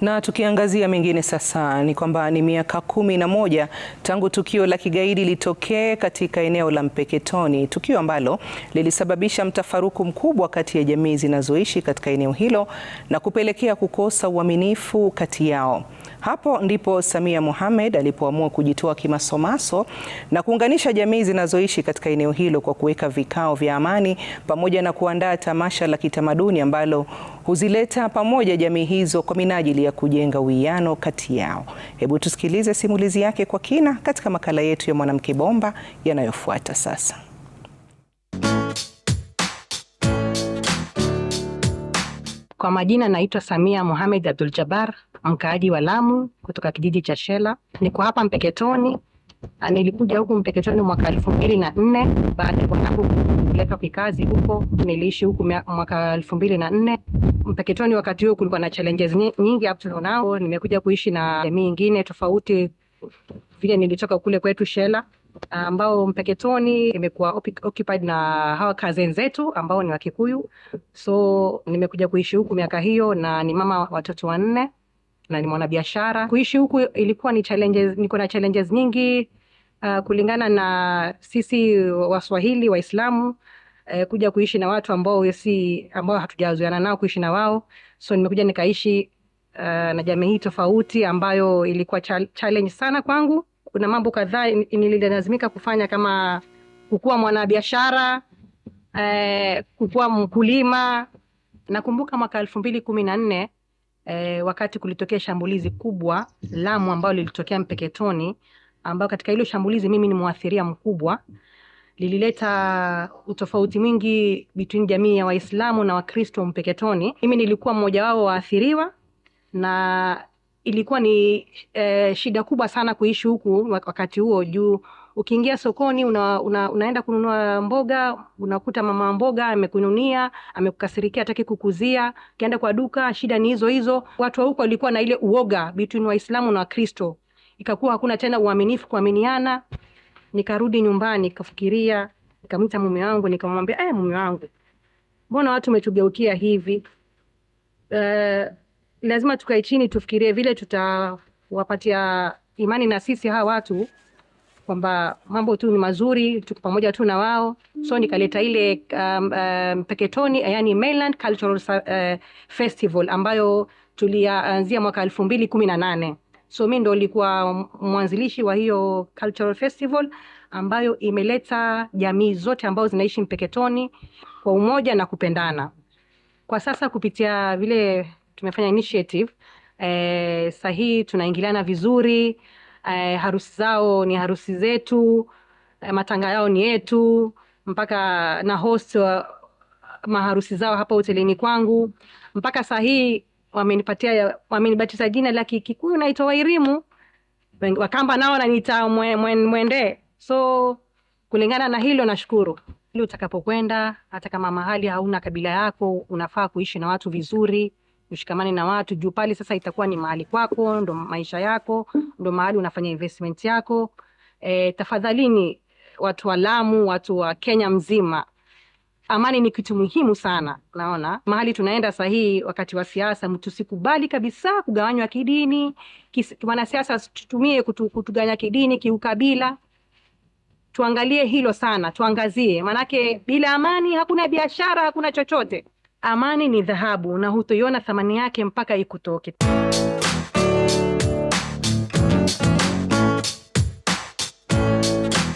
Na tukiangazia mengine sasa ni kwamba ni miaka kumi na moja tangu tukio la kigaidi litokee katika eneo la Mpeketoni, tukio ambalo lilisababisha mtafaruku mkubwa kati ya jamii zinazoishi katika eneo hilo na kupelekea kukosa uaminifu kati yao. Hapo ndipo Samia Mohamed alipoamua kujitoa kimasomaso na kuunganisha jamii zinazoishi katika eneo hilo kwa kuweka vikao vya amani pamoja na kuandaa tamasha la kitamaduni ambalo huzileta pamoja jamii hizo kwa minajili ya kujenga uwiano kati yao. Hebu tusikilize simulizi yake kwa kina katika makala yetu ya Mwanamke Bomba yanayofuata sasa. Kwa majina naitwa Samia Mohamed Abdul Jabbar, mkaaji wa Lamu kutoka kijiji cha Shela. Niko hapa Mpeketoni. Ah, nilikuja huku Mpeketoni mwaka elfu mbili na nne baada ya bwanangu kuleta kikazi huko. Niliishi huku mwaka elfu mbili na nne Mpeketoni. Wakati huo kulikuwa na challenges nyingi, up to now nimekuja kuishi na jamii nyingine tofauti vile nilitoka kule kwetu Shela ambao Mpeketoni imekuwa occupied na hawa cousins zetu ambao ni wa Kikuyu. so nimekuja kuishi huku miaka hiyo, na ni mama watoto wanne na ni mwanabiashara. Kuishi huku ilikuwa ni challenges, niko na challenges nyingi uh, kulingana na sisi Waswahili Waislamu uh, kuja kuishi na watu ambao si ambao hatujazoeana nao kuishi na wao, so nimekuja nikaishi uh, na jamii hii tofauti ambayo ilikuwa cha, challenge sana kwangu. Kuna mambo kadhaa nililazimika kufanya kama kukuwa mwanabiashara uh, kukuwa mkulima. Nakumbuka mwaka elfu mbili kumi na nne e, wakati kulitokea shambulizi kubwa Lamu ambalo lilitokea Mpeketoni, ambao katika hilo shambulizi mimi ni mwathiria mkubwa. Lilileta utofauti mwingi between jamii ya Waislamu na Wakristo Mpeketoni. Mimi nilikuwa mmoja wao waathiriwa na ilikuwa ni e, shida kubwa sana kuishi huku wakati huo juu Ukiingia sokoni una, una, unaenda kununua mboga, unakuta mama mboga amekununia, amekukasirikia, hataki kukuzia. Ukienda kwa duka, shida ni hizo hizo. Watu wa huko walikuwa na ile uoga between Waislamu na Wakristo, ikakuwa hakuna tena uaminifu, kuaminiana. Nikarudi nyumbani, kafikiria nikamwita mume wangu, nikamwambia eh, mume wangu, mbona watu umetugeukia hivi? Uh, lazima tukae chini tufikirie vile tutawapatia imani na sisi hawa watu kwamba mambo tu ni mazuri, tuko pamoja tu na wao. So nikaleta ile um, um, Peketoni, eh, yani Mainland Cultural uh, Festival ambayo tulianzia mwaka elfu mbili kumi na nane. So mi ndo nilikuwa mwanzilishi wa hiyo Cultural Festival ambayo imeleta jamii zote ambao zinaishi Mpeketoni kwa umoja na kupendana. Kwa sasa kupitia vile tumefanya initiative eh, sahii tunaingiliana vizuri eh, harusi zao ni harusi zetu eh, matanga yao ni yetu, mpaka na host wa maharusi zao hapa hotelini kwangu. Mpaka saa hii wamenipatia, wamenibatiza jina la kikuu naitwa Wairimu. Wakamba nao wananiita Mwende. So kulingana na hilo, nashukuru ili utakapokwenda, hata kama mahali hauna kabila yako, unafaa kuishi na watu vizuri ushikamane na watu juu pale sasa itakuwa ni mahali kwako, ndo maisha yako, ndo mahali unafanya investment yako. E, tafadhalini watu wa Lamu, watu wa Kenya mzima, amani ni kitu muhimu sana. Naona mahali tunaenda sahihi wakati wa siasa, tusikubali kabisa kugawanywa kidini. Wanasiasa tutumie kutu, kutuganya kidini, kiukabila. Tuangalie hilo sana, tuangazie, manake bila amani hakuna biashara, hakuna chochote. Amani ni dhahabu na hutoiona thamani yake mpaka ikutoke.